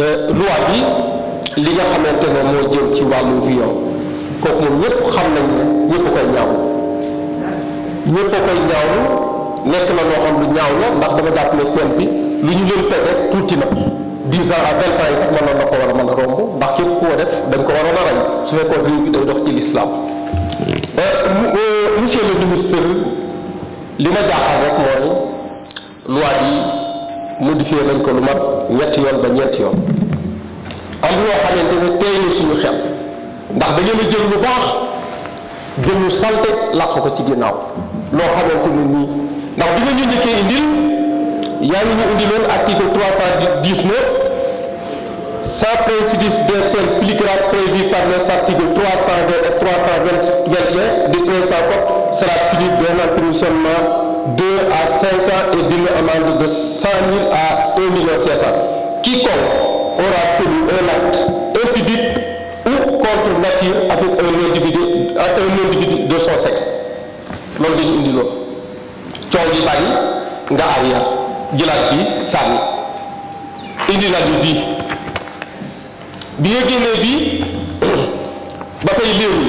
Euh, loi bi li nga xamante ne moo jëm ci wàllu viol kooku moom ñëpp xam nañ ne ñëpp koy ñaaw ñëpp koy ñaaw nekk na loo xam lu ñaaw la ndax dama jàpp ne peine bi lu ñu leen teg rek tuuti na 10 ans à 20 ans yi sax mënoon na ko war a mën a romb ndax képp ko def dañ ko war a rey su fekkoon réew bi day dox ci lislaam euh, euh, monsieur le ministre li ma jaaxal rek mooy loi bi modifié nañ ko lu mat ñetti yoon ba ñeenti yoon am loo xamante ne tey na suñu xel ndax da ngeen a jël lu baax jël lu salte làq ko ci ginnaaw loo xamante ne nii ndax bi nga ñu njëkkee indil yaa ngi ñu indiloon article 319 sans préjudice des peines plus graves prévues par les articles 320 et 321 du présent code sera puni d'un emprisonnement 2 à 5 ans et d'une amende de 100 000 à 1 million ki Quiconque aura commis un acte impudique ou contre nature avec un individu, un individu de son sexe loolu dañu indi loolu coow li bari nga arrière jëlaat bi sànni indi bi bi nga génnee bii ba tey léegi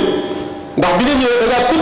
ndax bi nga ñëwee da ngaa tëb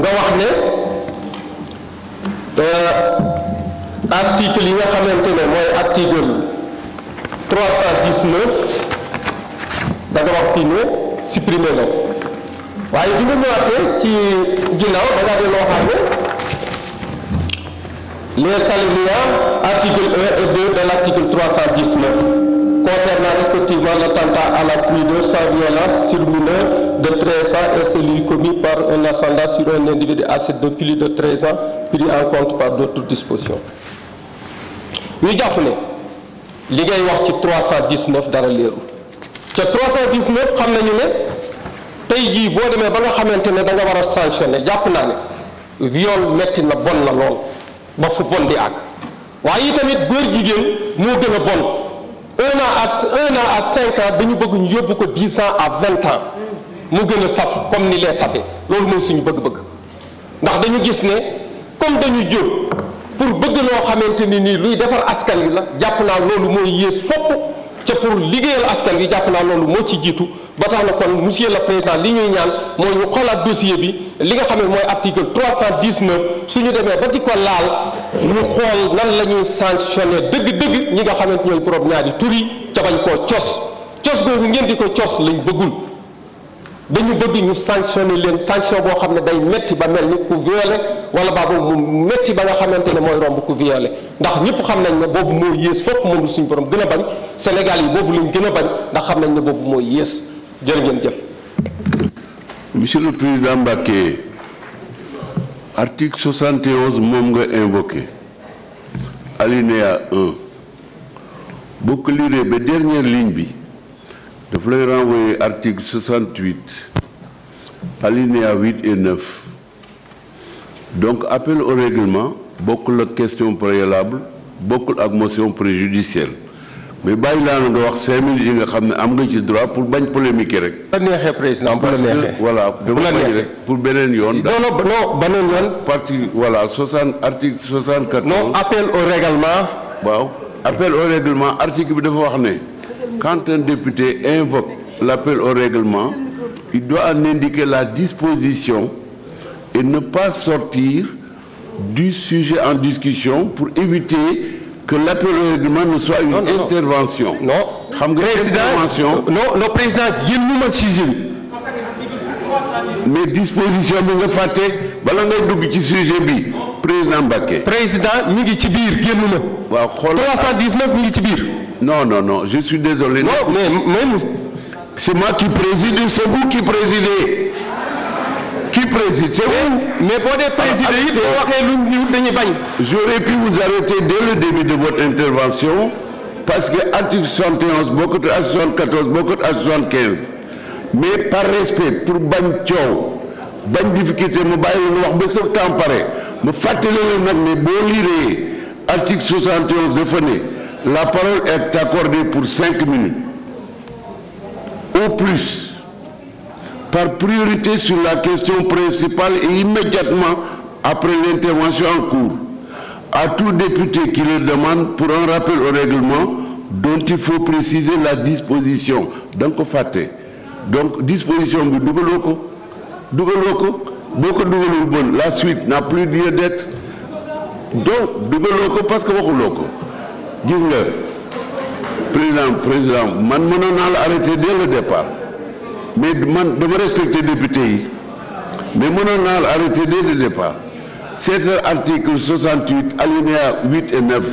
nga wax ne euh, article yi nga xamante ne mooy article 319 da nga wax fii ne supprimer la waaye bi nga ñëwaatee ci ginnaaw da ngaa delloo xam ne les alinéas article 1 et 2 de l' article concernant respectivement l'attentat à la pluie de sans violence sur mineur de 13 ans et celui commis par un ascendant sur un individu âgé de plus de 13 ans pris en compte par d'autres dispositions ñu jàpp ne li ngay wax ci 319 dara leeru ca 319 xam nañu ne tey jii boo demee ba nga xamante ne da nga war a sanctionné jàpp naa ne viol metti na bon na lool ba fu bon di àgg waaye itamit góor jigéen moo gën a bon un an à un an à cinq ans dañu bëgg ñu yóbbu ko dix ans à vingt ans mu gën a saf comme ni lee safe loolu mooy suñu bëgg-bëgg ndax dañu gis ne comme dañu jóg pour bëgg loo xamante ni nii luy defar askan wi la jàpp naa loolu mooy yées fopp ca pour liggéeyal askan wi jàpp naa loolu moo ci jiitu ba tax na kon monsieur le président li ñuy ñaan mooy ñu xoolaat dossier bi li nga xam ne mooy article 319 suñu demee ba di ko laal ñu xool nan la ñuy sanctionné dëgg-dëgg ñi nga xamante ñooy borom ñaari tur yi ca bañ koo cos cos googu ngeen di ko cos lañ bëggul dañu bëgg ñu sanctionné leen sanction boo xam ne day metti ba mel ni ku violé wala baabu mu metti ba nga xamante ne mooy romb ku violé ndax ñëpp xam nañ ne boobu yées fopp moom suñu borom gën a bañ Sénégal yi boobu lañ gën a bañ ndax xam nañ ne mooy yées jërë ngeen jëf. le président Mbacké article 71 moom nga invoqué alinéa 1 boo ko liree ba dernière ligne bi daf lay renvoyer article 68 alinéa 8 et 9 donc appel au règlement bokkul ak question préalable bokkul ak motion préjudicielle mais bàyyi laa na nga wax cinq minutes yi nga xam ne am nga ci droit pour bañ polémique rek. bu la neexee président bu la neexee voilà bu la neexee rek pour beneen yoon. non non non beneen yoon. partie voilà soixante article soixante quatre. non appel au règlement. waaw appel au règlement article bi dafa wax ne quand un député invoque l' appel au règlement il doit en indiquer la disposition et ne pas sortir du sujet en discussion pour éviter. que l'appel au règlement ne soit une intervention. non xam nga intervention non non président génn ma sujet bi. mais disposition bi nga fàtte bala ngay dugg ci sujet bi président Mbacké. président mi ngi ci biir génn ma. waaw xool ci biir. non non non je suis désolé. non mais même. c'est moi qui préside c'est vous qui présidez. préside c'est vous. mais boo dee présidé ah, bañ. j'aurais pu vous arrêter dès le début de votre intervention parce que article 71 bokkut ak 74 bokkut ak 75 mais par respect pour bañ coow bañ difficulté mu bàyyi la wax ba sa temps pare mu fàttali leen nag ne boo liiree article la parole est accordée pour cinq minutes au plus. par priorité sur la question principale et immédiatement après l'intervention en cours à tout député qui le demande pour un rappel au règlement dont il faut préciser la disposition da nga ko fàtte donc disposition bi dugaloo ko dugaloo ko boo ko dugalul bon la suite n'a plus lieu d'être donc dugaloo ko parce que waxuloo ko gis nga président président man mënoon naa la arrêté dès le départ mais man dama respecté député yi mais mënoon naa la arrêté dès le départ c'est article 68 alinéa 8 et 9.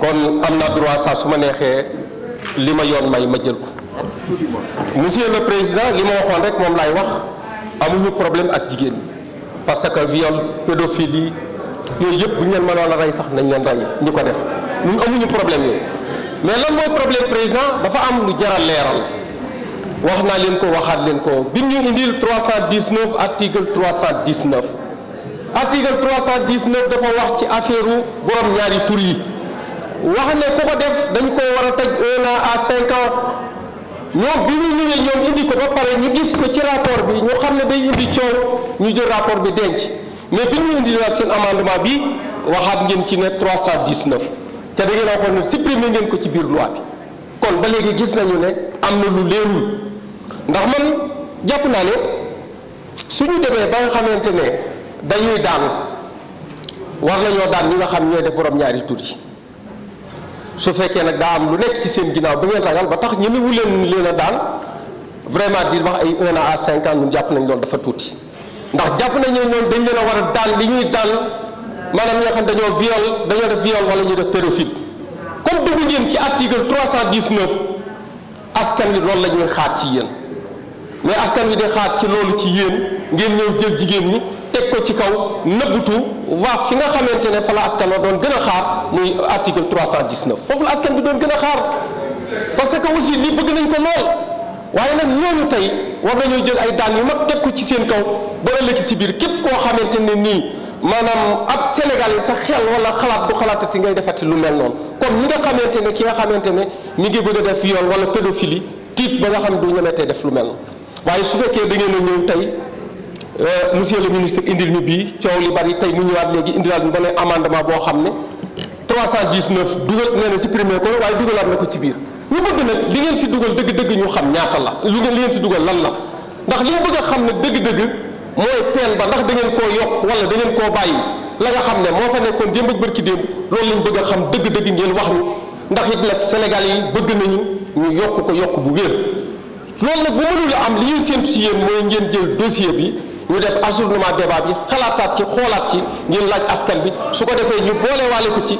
kon am naa droit saa su ma neexee li ma yoon may ma jël ko monsieur le président li ma waxoon rek moom laay wax amuñu problème ak jigéen parce que viol pédophilie yooyu yëpp bu ñu ma mënoon a rey sax nañ leen rey ñu ko def ñun amuñu problème yooyu mais lan mooy problème président dafa am lu jaral leeral. wax naa leen ko waxaat leen ko bi ñu indil 319 article 319 article 319 dafa wax ci affaire borom ñaari tur yi wax ne ku ko def dañ ko war a tëj un an à cinq ans ñoom bi ñu ñëwee ñoom indi ko ba pare ñu gis ko ci rapport bi ñu xam ne day indi coow ñu jël rapport bi denc mais bi ñu indiwaat seen amendement bi waxaat ngeen ci ne 319 ca da ngeen a waxoon ne supprimer ngeen ko ci biir loi bi kon ba gis nañu ne am na lu leerul. ndax man jàpp naa ne ñu demee ba nga xamante ne dañuy daan war nañoo daan li nga xam ñooy def borom ñaari tur yi su fekkee nag daa am lu nekk ci seen ginnaaw ba ngeen ragal ba tax ñu leen leen a daan vraiment di wax ay 1 a 5 ans ñun jàpp nañ loolu dafa tuuti ndax jàpp nañ ne ñoom dañ leen a war a daan li ñuy daan maanaam ñoo xam dañoo viol dañoo def viol wala ñu def pédophile comme dugg ngeen ci article 319 askan wi loolu la ñuy xaar ci yéen. mais askan wi de xaar ci loolu ci yéen ngeen ñëw jël jigéen ñi teg ko ci kaw nëbbutu waa fi nga xamante ne fa la askan wa doon gën a xaar muy article 319 foofu la askan bi doon gën a xaar parce que aussi lii bëgg nañ ko lool waaye nag ñooñu tey war nañoo jël ay daan yu mag teg ko ci seen kaw ba ëllëg si biir képp koo xamante ne nii maanaam ab Sénégal yi sa xel wala xalaat du xalaatati ngay defati lu mel noonu comme ñi nga xamante ne ki nga xamante ne mi ngi a def viol wala pédophilie tiit ba nga xam du ñemetee def lu mel waaye su fekkee da ngeen a ñëw tey euh, monsieur le ministre indil ñu bii coow li bari tey mu ñëwaat léegi indilaat ñu ba ne amendement boo xam ne 319 dugal nee na supprimer ko waaye dugalaat na ko ci biir ñu bëgg nag li ngeen fi dugal dëgg-dëgg ñu xam ñaata la lu ngeen li ngeen fi dugal lan la ndax li ñu bëgg xam ne dëgg-dëgg mooy peen ba ndax da ngeen koo yokk wala da ngeen koo bàyyi la nga xam ne moo fa nekkoon démb ak ki démb loolu lañ bëgg xam dëgg-dëgg ngeen wax ndax it nag Sénégal yi bëgg nañu ñu yokk ko yokk bu wér loolu nag bu mënul am li ñuy séntu ci yéen mooy ngeen jël dossier bi ñu def assournement débat bi xalaataat ci xoolaat ci ngeen laaj askan bi su ko defee ñu boolewaale ko ci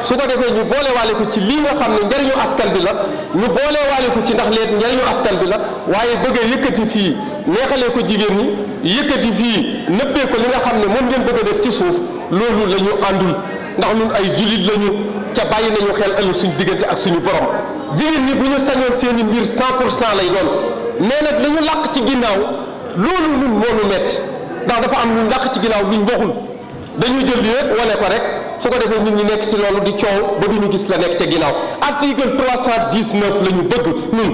su defee ñu boolewaale ko ci lii nga xam ne njariñu askan bi la ñu boolewaale ko ci ndax leet njariñu askan bi la waaye bëgg a yëkkati fii neexalee ko jigéen ñi yëkkati fii nëppee ko li nga xam ne moom ngeen bëgg a def ci suuf loolu la ñu àndul ndax ñun ay jullit lañu ca bàyyi nañu xel ëllëg suñu diggante ak suñu borom. jigéen ñi bu ñu sañoon seen i mbir cent pour lay doon mais nag la ci ginnaaw loolu ñun moo ñu metti ndax dafa am luñ làq ci ginnaaw luñ waxul dañuy jël lépp wane ko rek su ko defee nit ñu nekk si loolu di coow ba du ñu gis la nekk ca ginnaaw article 319 la ñu bëgg ñun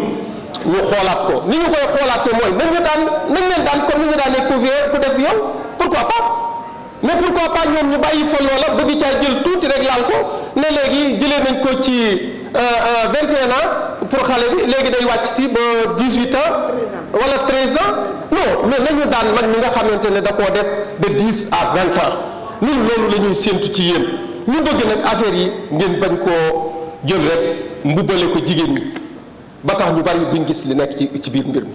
ñu xoolaat ko ni ñu koy xoolaatee mooy nañ ñu daan nañ leen daan comme ni ñu daan ku vieux ku def yow pourquoi pas. mais ne léegi jëlee nañ ko ci. 21 euh, euh, ans pour xale bi léegi day wàcc si ba 18 ans. wala 13 ans. non mais nañu daan man mi nga xamante ne da koo def de 10 à 20 ans ñun loolu lañuy ñuy séentu ci yéen ñu bëgg nag affaire yi ngeen bañ koo jël rek mbubbale ko jigéen ñi ba tax ñu bari buñ gis li nekk ci ci biir mbir mi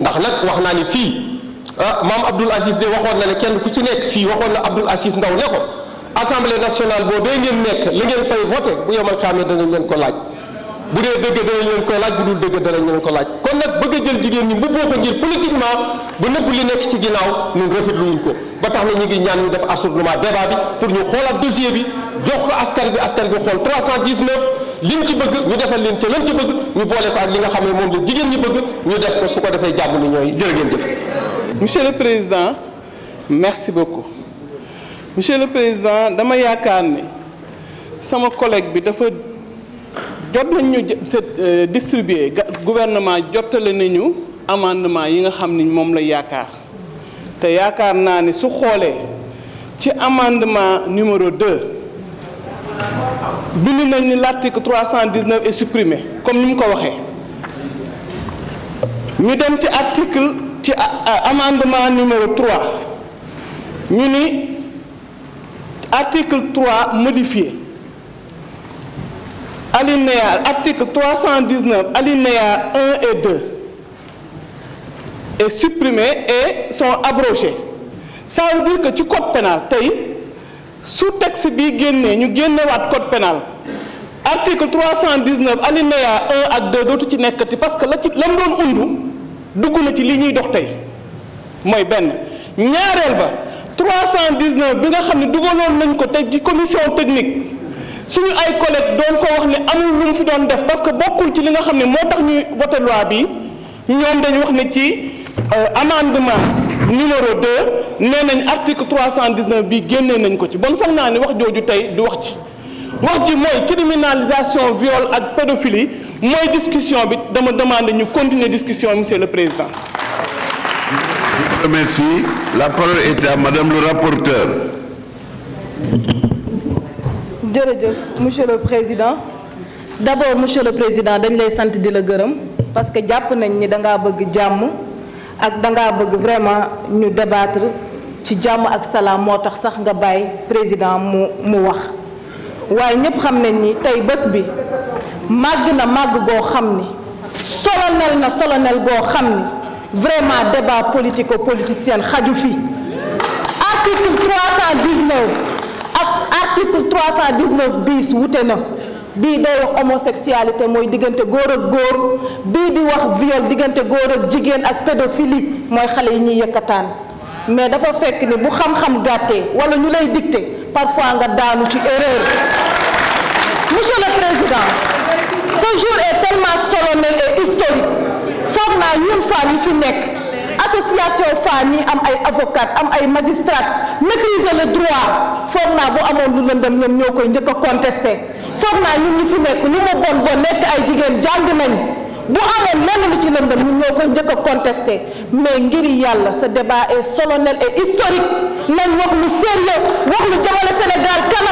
ndax nag wax naa ni fii ah maam Abdoul Aziz de waxoon na ne kenn ku ci nekk fii waxoon na Abdoul Aziz Ndaw ne ko. assemblée nationale boobee ngeen nekk li ngeen fay voté bu yomal xaamee danañ leen ko laaj bu dee dëgg danañ leen ko laaj bu dul dëgg danañ leen ko laaj kon nag bëgg jël jigéen ñi mbubboo ko ngir politiquement ba nëbb li nekk ci ginnaaw ñun rafetluwuñ ko ba tax na ñu ngi ñaan ñu def assourdiment débat bi pour ñu xoolaat dossier bi jox ko askan bi askan bi xool 319 ci bëgg ñu defal leen te lañ ci bëgg ñu boole ko ak li nga xam ne moom la jigéen ñi bëgg ñu def ko su ko defee jàmm ni ñooy le président merci beaucoup monsieur le président dama yaakaar ne sama collègue bi dafa jot nañ ñu euh, distribuer gouvernement jottale nañu amendement yi nga xam ni moom la yaakaar te yaakaar naa ni su xoolee ci amendement numéro 2 bind nañ ni l'article 319 est supprimé comme ni mu ko waxee ñu dem ci article ci amendement numéro 3 ñu ni article 3 modifié alinéa article 319 alinéa 1 et 2 est supprimé et sont abrogés ça veut dire que ci code pénal tey su texte bi génnee ñu génnewaat code pénal article 319 alinéa 1 ak 2 dootu ci nekkati parce que la ci lam doon undu dugg na ci li ñuy dox tey mooy benn ñaareel ba 319 bi nga xam ne dugaloon nañ ko te di commission technique suñu ay collègues doon ko wax ne amul lu mu fi doon def parce que bokkul ci li nga xam ne moo tax ñuy voté loi bi ñoom dañu wax ne ci euh, amendement numéro 2 nee nañ article 319 bi génnee nañ ko ci ban foog naa ne wax jooju tey du wax ci wax ji mooy criminalisation viol ak pédophilie mooy discussion bi dama demande ñu continuer discussion monsieur le président remercie. La parole est à Madame le rapporteur. jërëjëf monsieur le président d'abord monsieur le président dañ lay sant di la gërëm parce que jàpp nañ ni dangaa bëgg jàmm ak dangaa bëgg vraiment ñu débattre ci jàmm ak salaam moo tax sax nga bàyyi président mu mu wax waaye ñépp xam nañ ni tey bés bi màgg na màgg goo xam ni solonel na solonel goo xam ni vraiment débat politico-politicien xaju fi article 319 ak article 319 bis wute na bii day wax homosexualité mooy diggante góor ak góor bii di wax viol diggante góor ak jigéen ak pédophilie mooy xale yi ñuy yëkkataan mais dafa fekk ni bu xam-xam gàttee wala ñu lay dicté parfois nga daanu ci erreur monsieur le président ce jour est tellement solennel waaye ñun femmes yi fi nekk association femmes yi am ay avocats am ay magistrats maîtriser le droit foog naa bu amoon lu lëndëm ñoom ñoo koy njëkk a contesté foog naa ñun ñu fi nekk lu mu bon bon nekk ay jigéen jàng nañ bu amoon lenn lu ci lëndëm ñun ñoo koy njëkk a contesté mais ngir yàlla ce débat est solennel et historique nañ wax lu sérieux wax lu jëmale Sénégal kan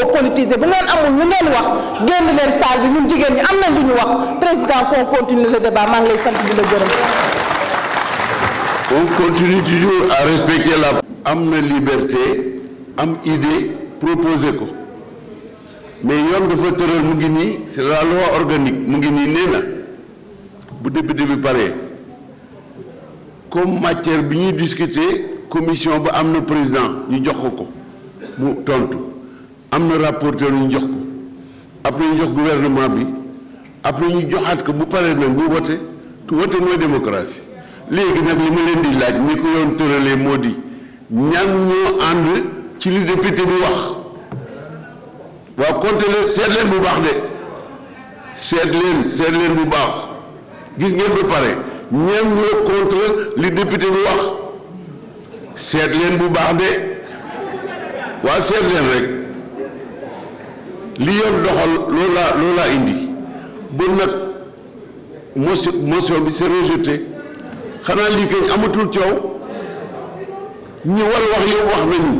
koo politiser bu ngeen amul lu ngeen wax génn leen salle bi ñun jigéen ñi am nañ lu ñu wax président qu'on continue le débat lay sant di la gërëm. am na liberté am idée proposer ko mais yoon dafa tëral mu ngi nii c'est la loi organique mu ngi nii nee bu député bi paree comme matière bi ñuy discuter commission ba am na président ñu jox ko ko mu tontu. am na rapporteur ñu jox ko après ñu jox gouvernement bi après ñu joxaat ko bu paree nag mu wote tu wote mooy démocratie léegi nag li ma leen di laaj ni ko yoon tëralee moo di ñan ñoo ànd ci li député bi wax waaw compte leen seet bu baax de seet leen seet leen bu baax gis ngeen ba pare ñan ñoo contre li député bi wax seet leen bu baax de waa seet rek li yoon doxal loolu laa loolu laa indi bu nag motion motion bi c'est rejeté xanaa lii kañ amatul coow ñi war wax yëpp wax nañu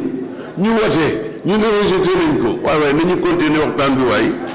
ñu wote ñu ne rejeté nañ ko waaye waaye nañu continuer waxtaan bi waaye